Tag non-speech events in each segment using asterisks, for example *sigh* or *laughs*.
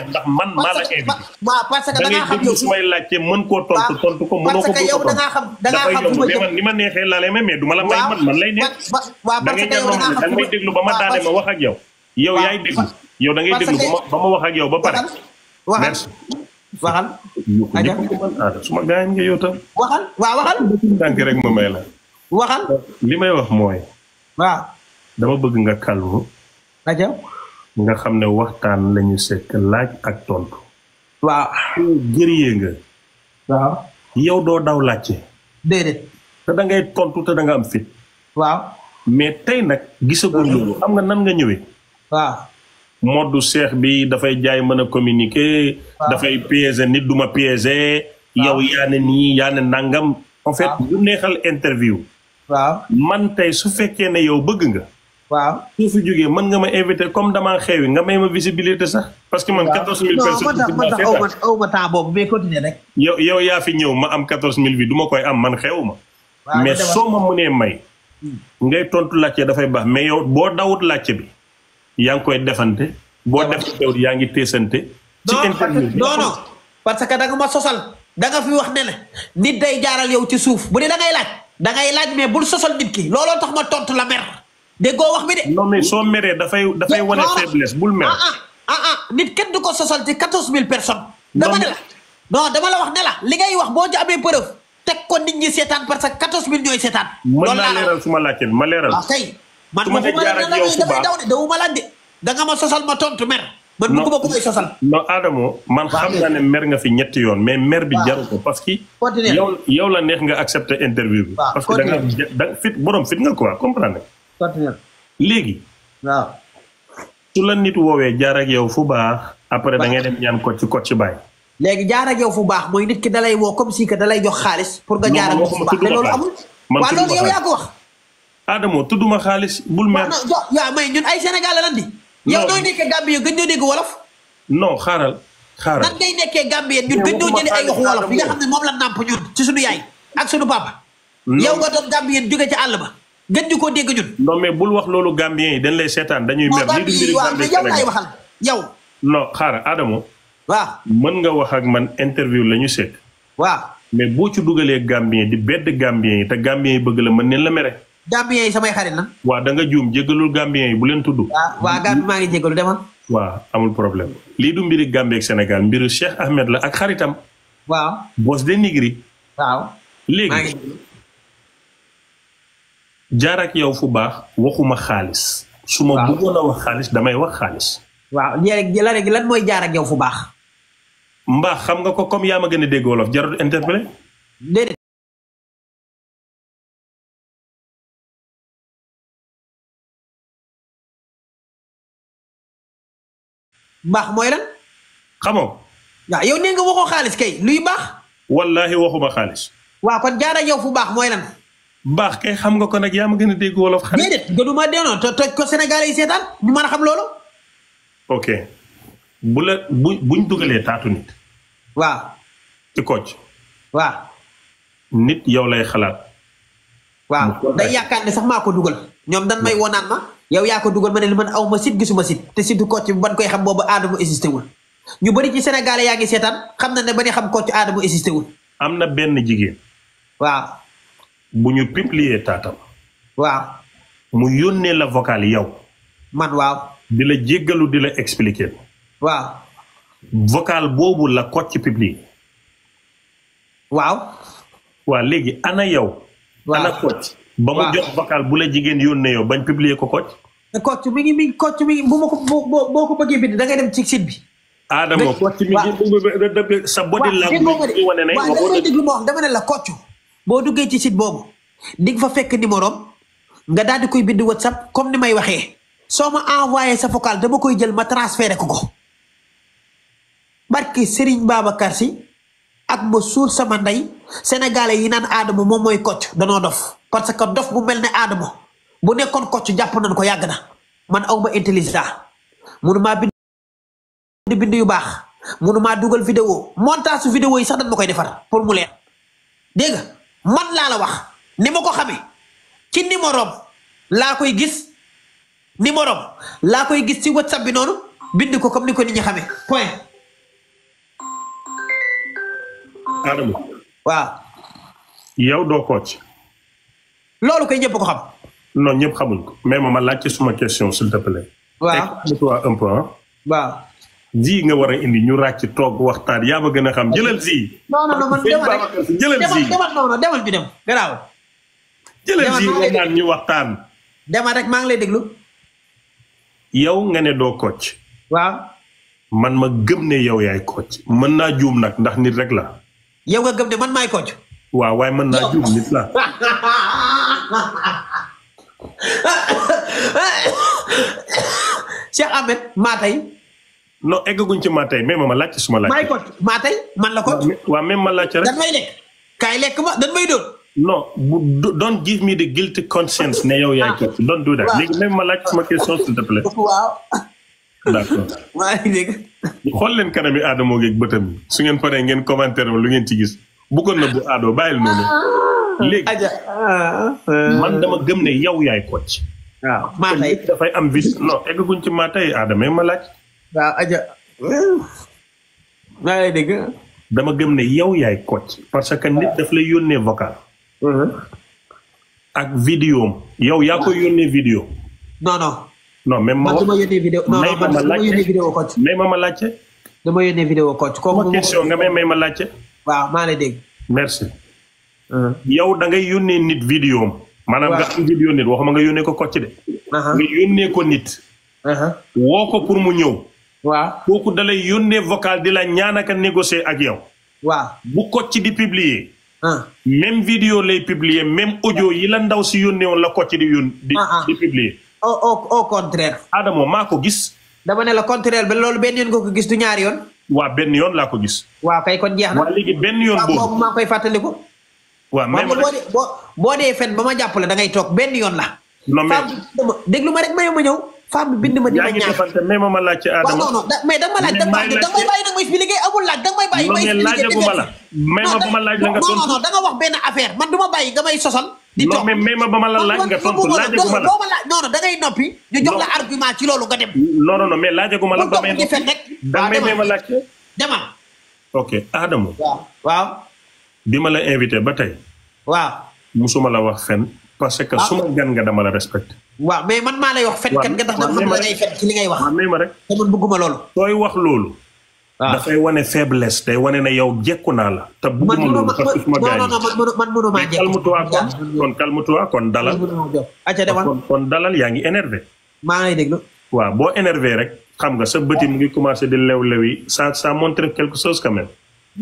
laajte ndax man maa la invité. waaw parce que da ngaa xam yow su mën koo tontu tontu ko mënoo ko bëgg a tontu ma neexee laa lay mais du la may man man lay neex. que yow da ngaa xam da ngay ba ma daane ma wax yow. yow yaay déglu yow da ngay déglu ba ma ma wax ak yow ba pare. merci. waxal. aywa suma gars yi nga yow tam. ma la. waxal. li may wax mooy. waaw. dama bëgg nga calme. aywa. nga xam ne waxtaan lañu sekk laaj ak tontu. waaw. gërëyee nga. waaw. yow doo daw laajte. déedéet. te da ngay tontu te da nga am fit. waaw. mais tey nag. gisagoo loolu am nga nan nga ñëwee. waaw. moddu seex bi dafay jaay mën a communiquer. dafay piéger nit duma piéger. yow yaa ne nii yaa ne nangam. en fait bu neexal interview. waaw man tey su fekkee ne yow bëgg nga. waaw soo fi jógee mën nga ma invité comme damaa xewi nga may ma visibilité sax. parce que man 14000 personnes. aw ma temps boobu mais continuer rek. yow yow yaa fi ñëw ma am 14000 bi duma koy am man xewu ma. mais soo ma mënee may. Hmm. ngay tontu laajte dafay baax mais yow boo dawut laajte bi yaa ngi koy defante boo defantewut yaa ngi teesante. ci interview non parce que da nga ma sosal da nga fi wax ne nit day jaaral yow ci suuf bu dee da ngay laaj da ngay laaj mais bul sosal nit ki looloo tax ma tontu la mer. déggoo wax bi de. non mais soo meree dafay dafay wane faiblesse bul mer. Ah ah, ah ah nit kenn du ko sosal ci quatorze mille personnes. dama ne la dama la wax ne la li ngay wax boo ci amee preuve teg ko nit ñi seetaan parce que quatorze mille ñooy seetaan. loolu laa leeral ma laajte ma leeral. waaw ah, kay man ma fu ma la ne dafay daw de dawu ma laaj de da nga ma sosal ma tontu mer. man bëgguma xam naa ne mer nga fi ñetti yoon mais mer bi jaru par parce que. yow la nekk nga accepter interview bi. parce que da nga fit borom fit nga quoi comprendre continué. léegi. waaw. su la nit woowee jaar ak yow fu baax. après da ngay dem ñaan ko ci ko ci bàyyi. léegi jaar ak yow fu baax mooy nit ki dalay woo comme si que dalay jox xaalis. pour nga jaar ak yow fu baax loolu amul. man tudduma loolu yow yaa ko wax. Adamo tudduma xaalis bul mer. waaw may ñun ay Sénégal lan di. yow nooy nekkee Gambie gën ñoo dégg wolof. non xaaral. xaaral nan ngay nekkee Gambie ñun gën ñoo jëlee ay wax wolof yi nga xam ne moom la nàmp ñun ci suñu yaay ak suñu papa. yow nga doon Gambie jóge ci àll ba gëj di ko dégg ñun. mais bul wax loolu Gambien yi dañ lay seetaan dañuy mer. lii du mbiri Gambien yow laay waxal mën nga wax ak man interview la ñu seet. waa mais boo ci dugalee Gambien di bedd Gambien yi te Gambien yi bëgg la mën neen la mere. Gambien yi samay xarit na. waaw da nga juum jégalul Gambien yi bu leen tudd. waa ah, waaw Gambien maa ngi jégalu demal. waaw amul problème lii du mbiri Gambie ak Sénégal mbiru Cheikh Ahmed la ak xaritam. waaw Bos de Nigri. waaw léegi. jaar ak yow fu baax waxuma xaalis. su ma bëggoon wax xaalis damay wax xaalis. waaw léegi la rek lan mooy jaar ak yow baax. mbaax xam nga ko comme yaa gën a dégg wolof jarul baax mooy lan. xamoo. waaw yow nee nga waxoo xaalis kay luy baax. wallaahi waxuma xaalis. waa kon jaar ak yow fu baax mooy lan. mbaax kay xam nga ko nag yaa ma gën a dégg wolof. xam déedéet nga du ma delloo te toj ko Sénégalais yi seetaan ñu mën a xam loolu. ok bu la bu buñ dugalee taatu nit. waaw. ci kocc. waaw. nit yow lay xalaat. waaw day yaakaar ne sax maa ko dugal. ñoom dan may wonaan ma. yow yaa ko dugal ma ne li man aw ma sit gisuma sit te situ kocc ban koy xam boobu aadama existé wul ñu bëri ci Sénégalais yaa ngi seetaan xam na ne ba ñu xam kocc aadama existé wul. am na benn jigéen. waaw. bu ñu publier taatam. waaw. mu yónnee la vocal yow. man waaw. di la jéggalu di la expliquer. waaw. vocal boobu la Kocc publier. waaw. waa léegi ana yow. waaw ana Kocc. ba mu jox vocal bu la jigéen yónnee yow bañ publier ko Kocc. Kocc mi ngi mi Kocc mi bu ma ko boo bëggee bind da ngay dem ci site bi. Adama sa body language. waaw ko de ma ne la Kocc. boo duggee ci site boobu di nga fa fekk numéro nga daal di koy bind WhatsApp comme ni may waxee soo ma envoyé sa vocal dama koy jël ma transféré ko ko barke Serigne baaba karsi ak ma suul sama ndey sénégalais yi naan Adamo moom mooy Kocc danoo dof parce que dof bu mel ne Adamo bu nekkoon Kocc jàpp nañ ko yàgg na man awma intelligence mënumaa bind bind yu baax mënumaa dugal vidéo montage su vidéo yi sax dañ ma koy defar pour mu leer dégg man laa la wax ni ma ko xamee ci numérom laa koy gis numérom laa koy gis ci whatsapp bi noonu bind ko comme ni ko nit ñi xamee point. Adama. waaw. yow doo coach. loolu koy ñëpp ko xam. non ñëpp xamuñ mais ma laaj ci suma question s'il te plaît. waaw waaw. ji nga war a indi ñu ràcc toog waxtaan yaa ma gën a xam jëlal ji. non demal non demal bi dem garaaw. jëlal ji nga waxtaan. demal maa ngi lay déglu. yow nga ne doo kocc. waaw. man ma gëm ne yow yaay kocc mën naa juum nag ndax nit rek la. yow nga gëm ne man maay kocc. waaw waaye mën naa juum nit la. *laughs* Cheikh Ahmed maa non eggaguñ ci maa tey mais ma ma laajte su ma laajte. maa man la ko. waaw même ma laajte rek. dan lekk ma dan may doon. non bu don't give me ne yow yaay kii ah. don't do that. ma laajte sama question s'il te plaît. waaw. d'accord *laughs* maa ngi dégg. xool leen kanam Adama geeg bëtam su ngeen paree ngeen commentaire lu ngeen ci gis bu ko nëbbu Adama bàyyil noonu. Ah. léegi ah. man dama gëm ne yow yaay Kocc. waaw maa dafay am vis non eggaguñ ci maa tey Adama ma laaj. waaw aja maa lay dégg dama gëm ne yow yaay coach parce que nit daf lay yónnee vocal mm-hmm. ak vidéo yow yaa koy yónnee vidéo non non non même ma dama dama yónnee vidéo coach may ma ma laajte dama yónnee vidéo coach kooku ma laajte waaw merci mm-hmm. yow da ngay yónnee nit vidéo am maanaam nga am nga yónnee ko coach de uh-huh. nga yónnee ko nit uh-huh. woo ko pour mu ñëw waaw kooku da lay yónnee vocal di la ñaan ak a négocier ak yow. waa bu Kocc di publier. Ah. même vidéo lay publier même audio yi la ndaw si yónnee woon la Kocc di yón. di ah, ah. di publier. au au maa ko gis. dama ne la contraire ba loolu benn yoon nga ko gis du ñaari yoon. waaw benn yoon laa ko gis. waa kay kon jeex na. benn yoon boobu waaw maa waaw même boo boo dee fen ba ma jàpp la da toog benn yoon la. déglu ma rek ma ma ñëw. femme bi bind ma di ma ñaax mais ma ma laaj ci ma laaj da nga may la mais ma ba ma laaj la nga tontu non wax benn affaire man du ma bàyyi nga may sosal di toog mais ma ba ma la laaj nga tontu laajaguma la ma laaj non non noppi ñu la argument ci loolu nga dem non non non mais laajaguma la ba may ma laaj demal ok Adama bi ma la invité ba tey waaw suma la wax fen parce que ah. suma gan nga dama la respecté waaw mais man maa lay wax. waaw fetkat nga tax dama xam ne wax. waaw may ma rek te man bëgguma loolu. sooy wax loolu. waaw ah. dafay wane faiblesse day wane na yow jekku naa la. te bëgguma loolu parce que suma gars yi man mënuma man calme-toi kon calme-toi kon dalal. dalal yaa ngi énervé. maa ngi déglu. waaw boo énervé rek xam nga sa bëti mu ngi commencé di lew lewi ça ça montre quelque chose quand même.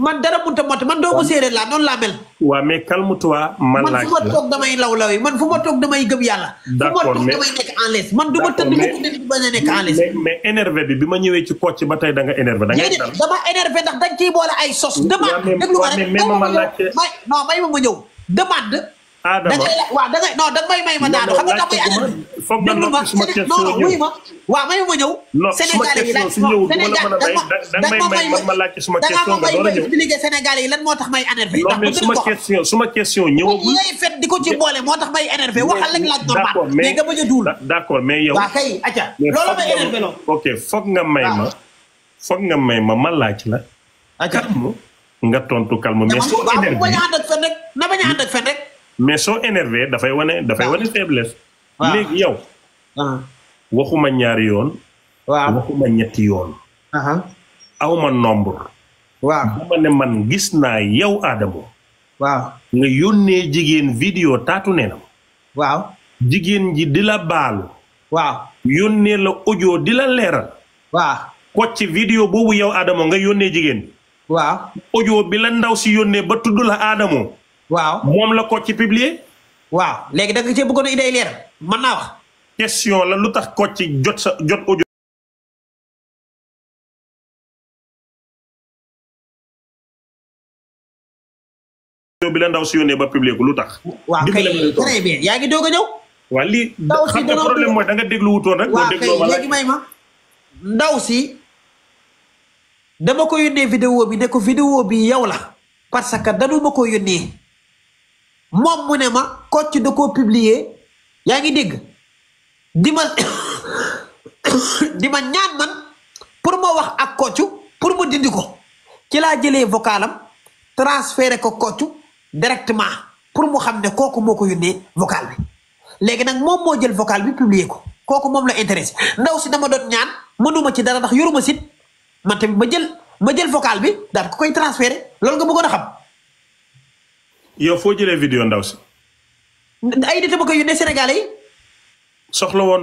man dara mënut a mot man doomu séeréer laa noonu laa mel. waaw mais man fu ma toog damay lawlaw man fu ma toog damay gëm yàlla. d'accord fu ma toog damay nekk en l'aise man du ma tëdd mukk nit nekk en l'aise. mais mais énervé bi bi ma ñëwee ci kocc ba tey da énervé. da nga dal dama énervé ndax dañ ciy boole ay sos. demande déglu ma rek non may ma ma ñëw demande. Adama da ngay waaw da ngay non may may ma daanu xam nga damay. foog nga ma suma question ñëw ma may ma laaj non ma may ma laaj suma question nga door a ñëw Sénégalais yi lan tax may énervé. non mais suma question suma question ñëwagul. ngay fet di ko ci boole moo tax may énervé waxal lañ laaj normal. mais nga bañ a kay acca loolu may énervé lool. foog nga may ma. foog nga may ma ma laaj la. acca nga tontu calme mais. su énervé na bañ a ànd fen rek mais soo énervé dafay wane dafay wane faiblesse. léegi yow. Ah. waxuma ñaari yoon. waaw waxuma ñetti yoon. awma nombre. waaw dama ne man gis naa yow Adamo. waaw nga yónnee jigéen vidéo taatu neenam. waaw jigéen ji di la baalu. waaw yónnee la audio di la leeral. waaw kocc vidéo boobu yow Adamo nga yónnee jigéen. waaw audio bi la ndaw si yónnee ba tudd la Adamo. waaw moom la Kocc publier. waaw léegi da nga cee bëggoon idée leer mën naa question la lu tax Kocc jot sa jot audio. bi la ndaw si yónnee ba publier lu tax. waaw kay yaa ngi doog a ñëw. waa lii xam nga problème mooy da nga rek. boo kay léegi may ma. ndaw si dama ko yónnee vidéo bi ne ko vidéo bi yow la parce que danu ma ko yónnee. moom mu ne ma Kocc de ko publier yaa ngi dégg di ma *coughs* di ma ñaan man pour ma wax ak Kocc pour mu dindi ko ci laa jëlee vocalam transféré ko Kocc directement pour mu xam ne kooku moo ko yónnee vocal bi léegi nag moom moo jël vocal bi publier ko kooku moom la intéressé ndaw si dama doon ñaan mënuma ci dara ndax yoruma sit man tamit ma jël ma jël vocal bi daal ko koy transféré loolu nga bëggoon a xam yow foo jëlee vidéo ndaw si. ay nit a bëgg a yónnee Sénégalais yi. soxla woo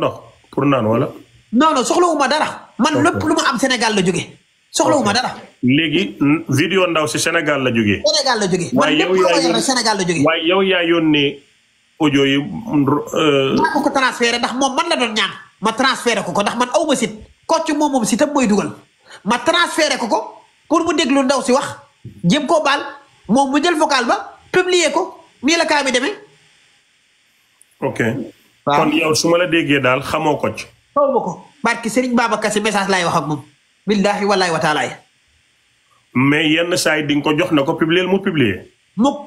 pour naan wala. non non soxlawu ma dara. man lépp lu ma am Sénégal la jóge soxlawu ma dara. léegi vidéo ndaw si Sénégal la jógee. Sénégal la jógee man lépp yow yaa yónnee audio euh- ko ko ndax moom man la doon ma transféré ko ko ndax man aw ma sit kocc moom moom sitam mooy dugal ma transféré ko ko pour mu déglu ndaw si wax jëm koo baal moom mu jël vocal ba. publier ko nii la kaa bi ok. waaw kon su ma la déggee daal xamoo ko ci. xaw ma ko barki Serigne Babacar Sy message laay wax ak moom. billaahi wallaahi wa taalaay. mais yenn saa yi ko jox na ko publier mu publier. mukk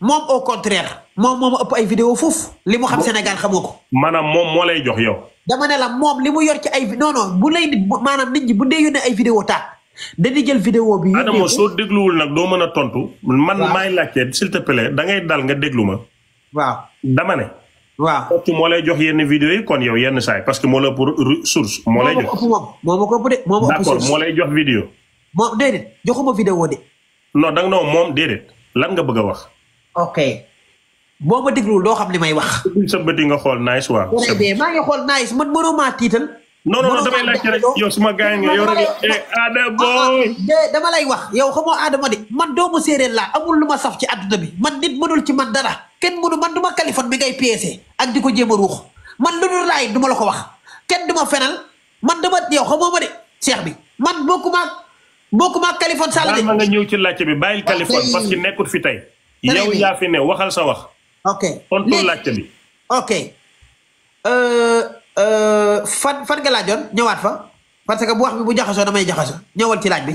moom au contraire. moom moo ma ëpp ay vidéo foofu. li mu xam Sénégal xamoo ko. maanaam moom moo lay jox yow. dama ne la moom li mu yor ci ay non non bu lay maanaam nit ñi bu dee yónnee ay vidéo da di jël vidéo bi. Adama soo dégluwul nag doo mën a tontu. man maay laajte s'il te plaît da ngay dal nga déglu ma. waaw dama ne. waaw tontu moo lay jox yenn vidéo yi kon yow yenn saay parce que moo pour source. moo lay jox moo ma ko ëpp de moo ma ëpp source moo lay jox vidéo. moom déedéet joxuma vidéo de. non danga non moom déedéet lan nga bëgg a wax. ok boo ma dégluwul doo xam li may wax. sa yi nga xool nice waaw. maa ngi xool nice man mënoo tiital. noonu non damay laajte rek eh, ah, ah, dama lay wax yow xamoo Adamo de man doomu séeréer laa amul lu ma saf ci àdduna bi man nit mënul ci man dara kenn mënu man du ma Kaliphone bi ngay piécé ak di ko jéem a man lu dul raay du ma la ko wax kenn du ma fenal man dama yow xamoo ma de Cheikh bi man bokkuma bokkuma Kaliphone Sall de ma nga ñëw ci laajte bi bàyyil Kaliphone parce que nekkul fi tey yow yaa fi waxal sa wax ok tontu laajte bi ok euh, Euh, fan fan nga laajoon ñëwaat fa parce que bu wax bi bu jaxasoo damay jaxasoo ñëwal ci laaj bi.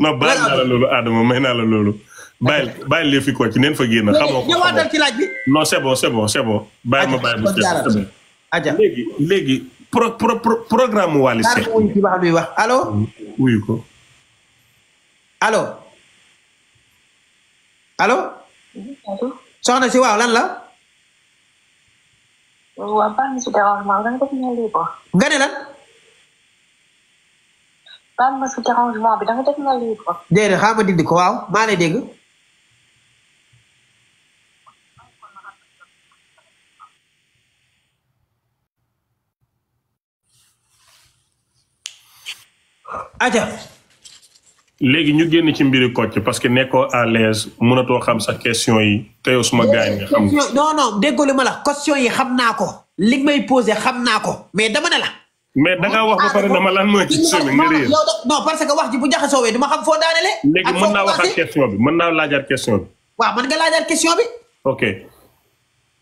non bàyyi naa la loolu Adama may naa la loolu. bàyyi bàyyi li laaj bi. non c'est bon c'est léegi léegi pro pro programme wax bi wax allo. wuyu ko. allo. allo. soxna si waaw lan la. waaw baax na dérangement bi da nga ko def libre. nga ne lan. dérangement bi da nga def libre. déedéet xaaral ma dindi ko waaw maa lay dégg. aja léegi ñu génn ci mbiri Kocc parce que nekkoo à l'aise mënatoo xam sax question yi te yow suma gaañ nga xam non non déggoo li ma la question yi xam naa ko li may posé xam naa ko mais dama ne mais da ngaa wax ba pare dama lan mooy question bi ah, nga parce que wax ji bu jaxasoowee duma xam foo daanele léegi mën naa waxaat question bi mën naa laajaat question bi waaw mën nga laajaat question bi ok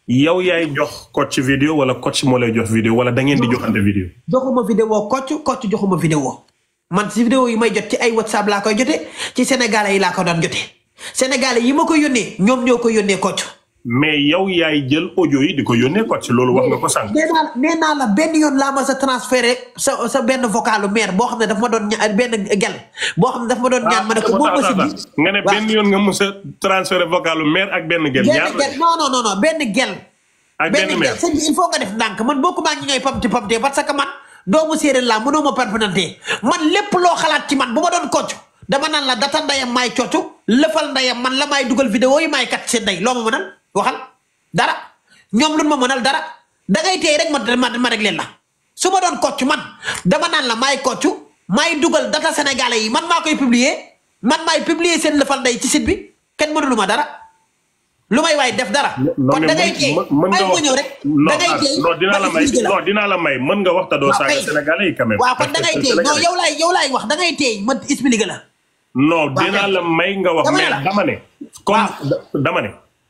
yow yaay jox Kocc vidéo wala Kocc moo lay jox vidéo wala da ngeen di joxante vidéo joxuma vidéo Kocc Kocc joxuma vidéo man si vidéo yi may jot ci ay whatsapp laa koy jotee ci sénégalais yi laa ko doon jotee sénégalais yi ma ko yónnee ñoom ñoo ko yónnee Kocc. mais yow yaay jël audio yi di ko yónnee Kocc loolu wax nga ko sànq. nee naa nee naa la benn yoon laa ma sa transféré sa sa benn vocalu maire boo xam ne dafa ma doon ña benn gel boo xam ne dafa doon ñaan ma ko ah, nga ne benn yoon nga mu sa transféré vocalu maire ak benn gel. ñaar benn gel non benn gel. ak benn maire benn gel def ndànk man boo ak ñi ngay pamti pamtee parce que man. doomu séeréer laa mënoo ma perpétuité man lépp loo xalaat ci man bu ma doon kocc dama naan la data ndayam maay cocc lëfal ndayam man la may dugal vidéo yi maay kat seen nday loo ma mënal waxal dara ñoom lu ma mënal dara dangay ngay rek ma ma rek leen la su ma doon kocc man dama naan la maay kocc maay dugal data sénégalais yi man maa koy publier man maay publier seen lëfal nday ci sit bi kenn mënulu ma dara. lu may waay def dara. kon da ngay jéy mën nga wax rek. da ngay jéy non dinaa la may dinaa la may mën nga wax te doo saaga kon da ngay téye non yow laay wax da ma expliqué la. non dinaa may nga wax mais dama ne. comme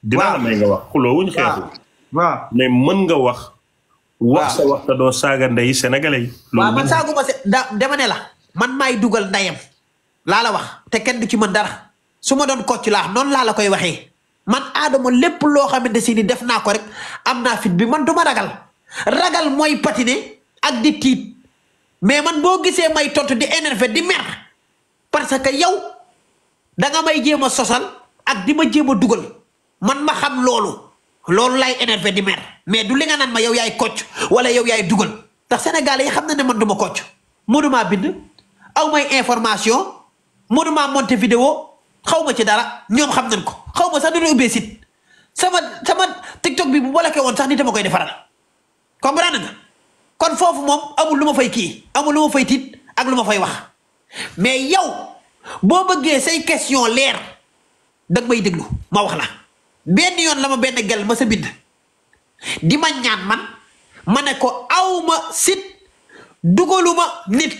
dinaa la may nga wax xuloo wuñ mën nga wax. wax sa doo saaga ndeyi sénégalais yi. loolu ma da dama ne la. man maay dugal ndeyam. laa la wax te kenn du ci mën dara. su ma doon kocc laax noonu laa la koy waxee. man aadama lépp loo xamante si ni def naa ko rek am naa fit bi man du ma ragal ragal mooy patiner ak di tiit mais man boo gisee may tontu di énervé di mer parce que yow da nga may jéem a sosal ak di ma jéem a dugal man ma xam loolu loolu lay énervé di mer mais du li nga naan ma yow yaay kocc wala yow yaay dugal ndax sénégalais xam na ne man duma ma kocc mënumaa bind aw may information mënumaa monter vidéo xaw ma ci dara ñoom xam nañ ko xaw ma sax du ñu ubbee site sama sama TikTok bi bu bloqué woon sax nit dama koy defaral comprendre nga kon foofu moom amul lu ma fay kii amul lu ma fay tiit ak lu ma fay wax mais yow boo bëggee say question leer danga may déglu ma wax la benn yoon la ma benn gel ma sa bind di ma ñaan man ma ne ko awma site dugaluma nit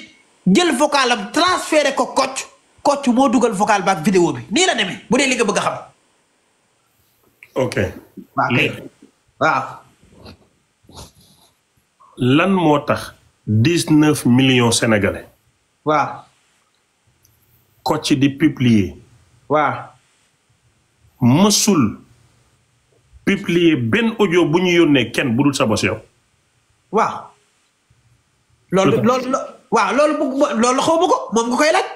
jël vocalam transféré ko koc Kocc moo dugal vocal baak vidéo bi nii la demee bu dee li bëgg a xam. ok. waaw lan moo tax dix neuf millions sénégalais. waaw. Kocc di publier. waaw. mësul publier benn audio bu ñu yónnee kenn budul sa bos yow. loolu loolu loolu xaw ma moom nga koy laaj.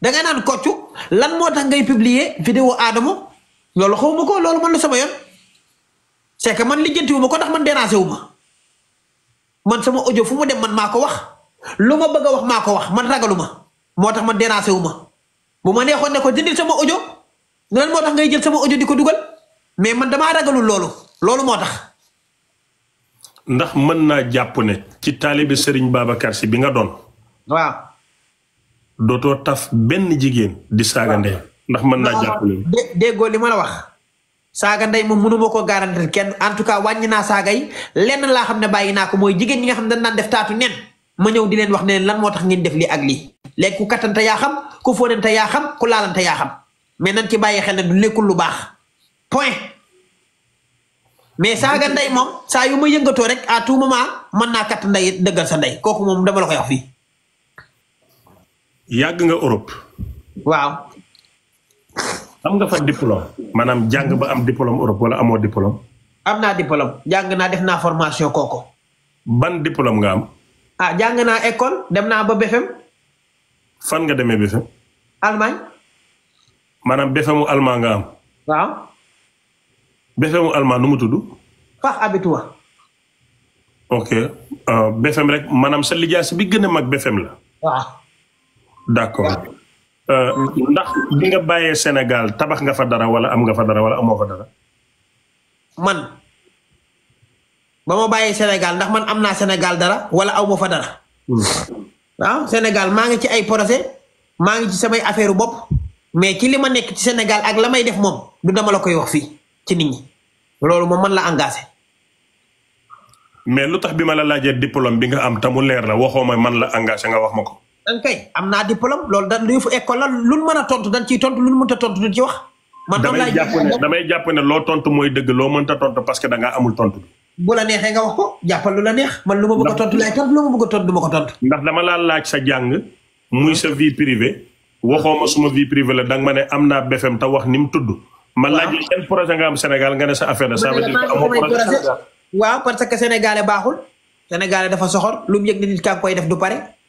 danga nga naan koccu lan moo tax ngay publier vidéo Adamo loolu xawma ko loolu man la sama yoon c'est que man lijjanti wu ma ko ndax man déranger wu ma man sama audio fu mu dem man maa ko wax lu ma bëgg a wax maa ko wax man ragalu ma moo tax man déranger wu ma bu ma neexoon ne ko sama audio lan moo tax ngay jël sama audio di ko dugal mais man damaa ragalul loolu loolu moo tax. ndax mën naa jàpp ne ci taalibi Serigne Babacar si bi nga doon waa dootoo taf benn jigéen di saaga ndey ndax mën naa jàppale déggoo li ma la wax saaga ndey moom mënuma ko garantir kenn en tout cas wàññi naa saaga yi lenn laa xam ne bàyyi naa ko mooy jigéen ñi nga xam ne dañ naan def taatu nen ma ñëw di leen wax ne leen tax ngeen def ak lii léegi ku yaa xam ku fóonante yaa xam ku laalante yaa xam mais nañ ci bàyyi xel ne du nekkul lu baax point mais saaga ndey moom saa yu ma yëngatoo rek à tout moment mën naa katt ndey dëggal sa ndey kooku moom dama la koy wax yàgg nga Europe. waaw. am nga fa diplôme. maanaam jàng ba am diplôme Europe wala amoo diplôme. am naa diplôme jàng naa def naa formation kooku. ban diplôme nga am. Ah, jàng naa école dem naa ba BFEM. fan nga demee BFEM. Allemagne. maanaam BFEMu allemand nga am. waaw. BFEMu allemand nu mu tudd. Fach Abitur. ok uh, rek maanaam sa lijaas bi gën a mag BFEM la. d'accord euh, ndax bi nga bàyyee Sénégal tabax nga fa dara wala am nga fa dara wala amoo fa man ba ma bàyyee Sénégal ndax man am naa Sénégal dara wala aw ma fa dara. Hmm. Ah, Sénégal maa ngi ci ay projet maa ngi ci samay affaire bopp mais ci li ma nekk ci Sénégal ak la may def moom du dama la koy wax fii ci nit ñi loolu moom man la engagé. mais lu tax bi ma la laajee diplôme bi nga am tamu leer la waxoo ma man la engagé nga wax ma ko. kay am naa diplôme loolu dañ luy fu école la lu mën a tontu dañ ciy tontu lu mënta tontu du ci wax. man doon laay jàpp ne tontu mooy dëgg loo mënta tontu parce que da ngaa amul tontu. bu la neexee nga wax ko jàppal la neex man lu ma bëgg a tontu laay tontu lu ma bëgg a tontu du ma ko tontu. ndax dama laa laaj sa jàng. muy sa vie privée. waxoo ma suma vie privée la danga ma ne am na BFM te wax ni mu tudd. ma laaj la yan projet nga am Sénégal nga ne sa affaire la. ça veut dire que amoo projet waaw parce que sénégalais baaxul sénégalais dafa soxor lu y yëg ni nit kaa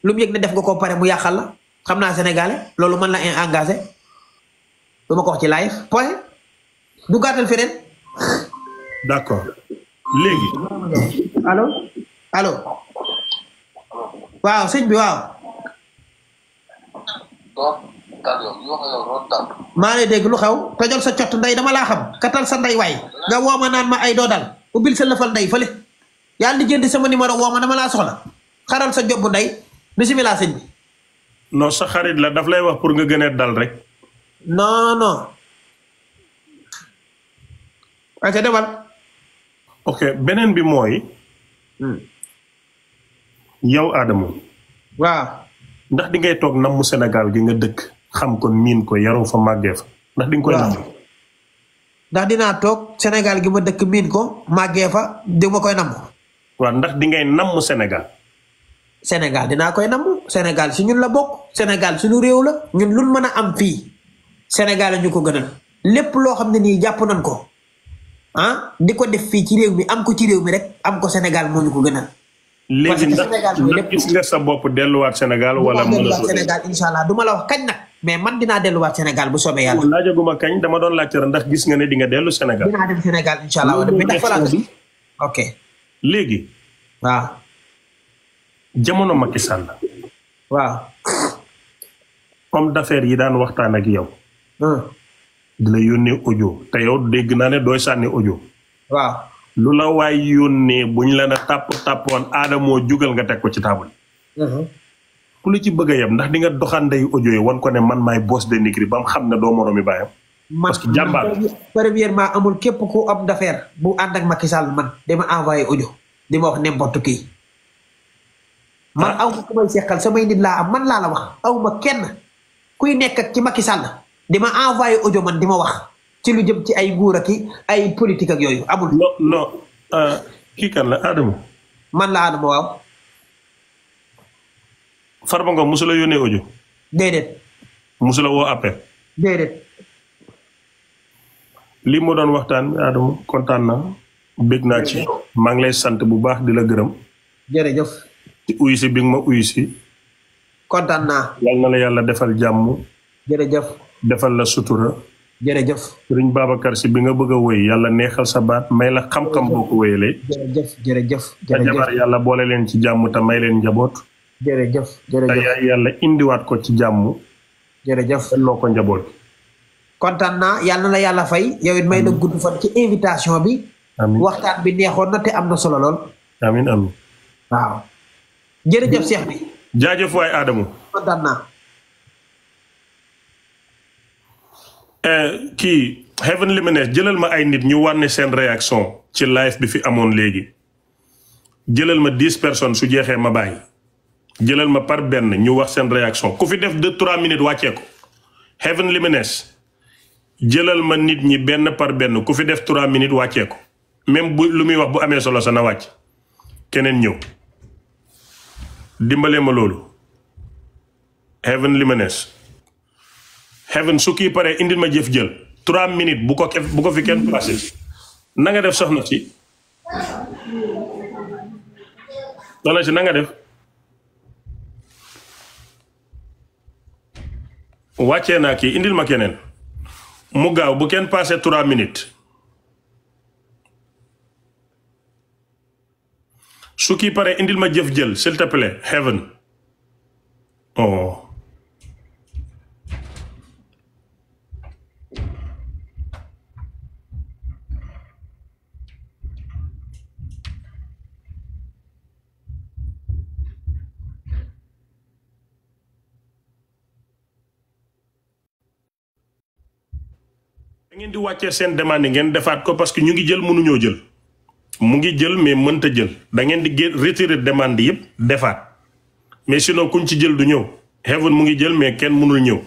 lu mu yëg ne def nga ko pare mu yàqal la xam naa sénégalais loolu mën la en engagé du ma ko ci live point du gàttal feneen d'accord léegi allo allo waaw sëñ bi waaw maa lay dégg lu xew tojal sa cott ndey dama laa xam katal sa ndey waay nga wooma naan ma ay doo dal ubbil sa lëfal ndey fële yàlla di jënd sama numéro wooma dama laa soxla xaral sa jobu nday bisimilah sëñ bi. non sa xarit la daf lay wax pour nga gën a dal rek. non non. ok demal. ok beneen bi mooy. Hmm. yow Adama. waaw. ndax di ngay toog namm Sénégal gi nga dëkk xam ko miin ko yaroo fa màggee fa ndax di nga koy namm. ndax dinaa toog Sénégal gi ba dëkk miin ko màggee fa di ma koy namm. waaw ndax di namm Sénégal. Sénégal dinaa koy namm Sénégal si ñun la bokk Sénégal suñu réew la ñun luñ mën a am fii Sénégal ñu ko gënal lépp loo xam ne nii jàpp nañ ko ah di ko def fii ci réew mi am ko ci réew mi rek am ko Sénégal moo ñu ko gënal. léegi ndax gis bopp delluwaat Sénégal wala. mën na Sénégal incha allah du ma la wax kañ nag mais man dinaa delluwaat Sénégal bu soobee yàlla. laajaguma kañ dama doon laajte ndax gis nga ne di nga dellu Sénégal. dinaa dem Sénégal incha allah. ok léegi waaw. jamono Macky Sall. waaw. homme d'affaires yi daan waxtaan ak yow. di la yónnee audio te yow dégg naa ne dooy sànne audio. waaw lu la waay yónnee buñ la na tàpp tàppoon aadamoo jugal nga teg ko ci taabal. ku lu ci bëgg a yem ndax di nga doxanday audio yi wan ko ne man may boss de Negri ba mu xam ne doo moroomi baayam. parce que jàmbaar premièrement amul képp ku homme d'affaires bu ànd ak Macky Sall man dama envoyé audio di ma wax n'importe qui. man ah. aw ma samay nit laa am man laa la wax aw ma kenn kuy nekk ci Macky Sall di ma envoyé audio man wax ci lu jëm ci ay nguur ak ay politique yooyu amul. Euh, la Adama. man la Adama waaw. Farba Ngom musu la yónnee audio. déedéet. musu woo appel. déedéet. lii moo doon waxtaan bi Adama kontaan naa. bég naa ci maa ngi lay sant bu baax di la gërëm. jërëjëf. ci uyu si bi nga ma uyu si. kontaan yal na la yàlla defal jàmm. jërëjëf. defal la sutura. jërëjëf. sëriñ Babacar si bi nga bëgg a woy yàlla neexal sa baat may la xam-xam boo ko wéyalee. jërëjëf jërëjëf. jërëjëf jabar yàlla boole leen ci jàmm te may leen njaboot. jërëjëf jërëjëf te yàlla indiwaat ko ci jàmm. jërëjëf loo ko njaboot. kontaan naa yàlla na la yàlla fay yow may na gudd fan ci invitation bi. amiin waxtaan bi neexoon na te am na solo lool. amiin jërëjëf Cheikh bi. jaajëf waay Adama. kontaan naa. Eh, kii Heaven Liminess jëlal ma ay nit ñu wànne seen réaction ci live bi fi amoon léegi jëlal ma dix personnes su jeexee ma bàyyi jëlal ma par benn ñu wax seen réaction ku fi def deux trois minutes wàcceeku ko Heaven Liminess jëlal ma nit ñi benn par benn ku fi def trois minutes wàccee ko même bu lu muy wax bu amee solo sa na wàcc keneen ñëw. dimbalee ma loolu Heaven Limanes Heaven su kii paree indil ma jëf jël trois minutes bu ko bu ko fi kenn placé na nga def soxna si soxna si na nga def wàccee naa kii indil ma keneen mu gaaw bu kenn passé trois minutes su kii paree indil ma jëf jël s'il te plaît heaven oh. da ngeen di wàccee seen demande ngeen defaat ko parce que ñu ngi jël mënuñoo jël mu ngi jël mais mënta jël da ngeen di gé retirer demande yëpp defaat mais sinon kuñ ci jël du ñëw Heaven mu ngi jël mais kenn mënul ñëw.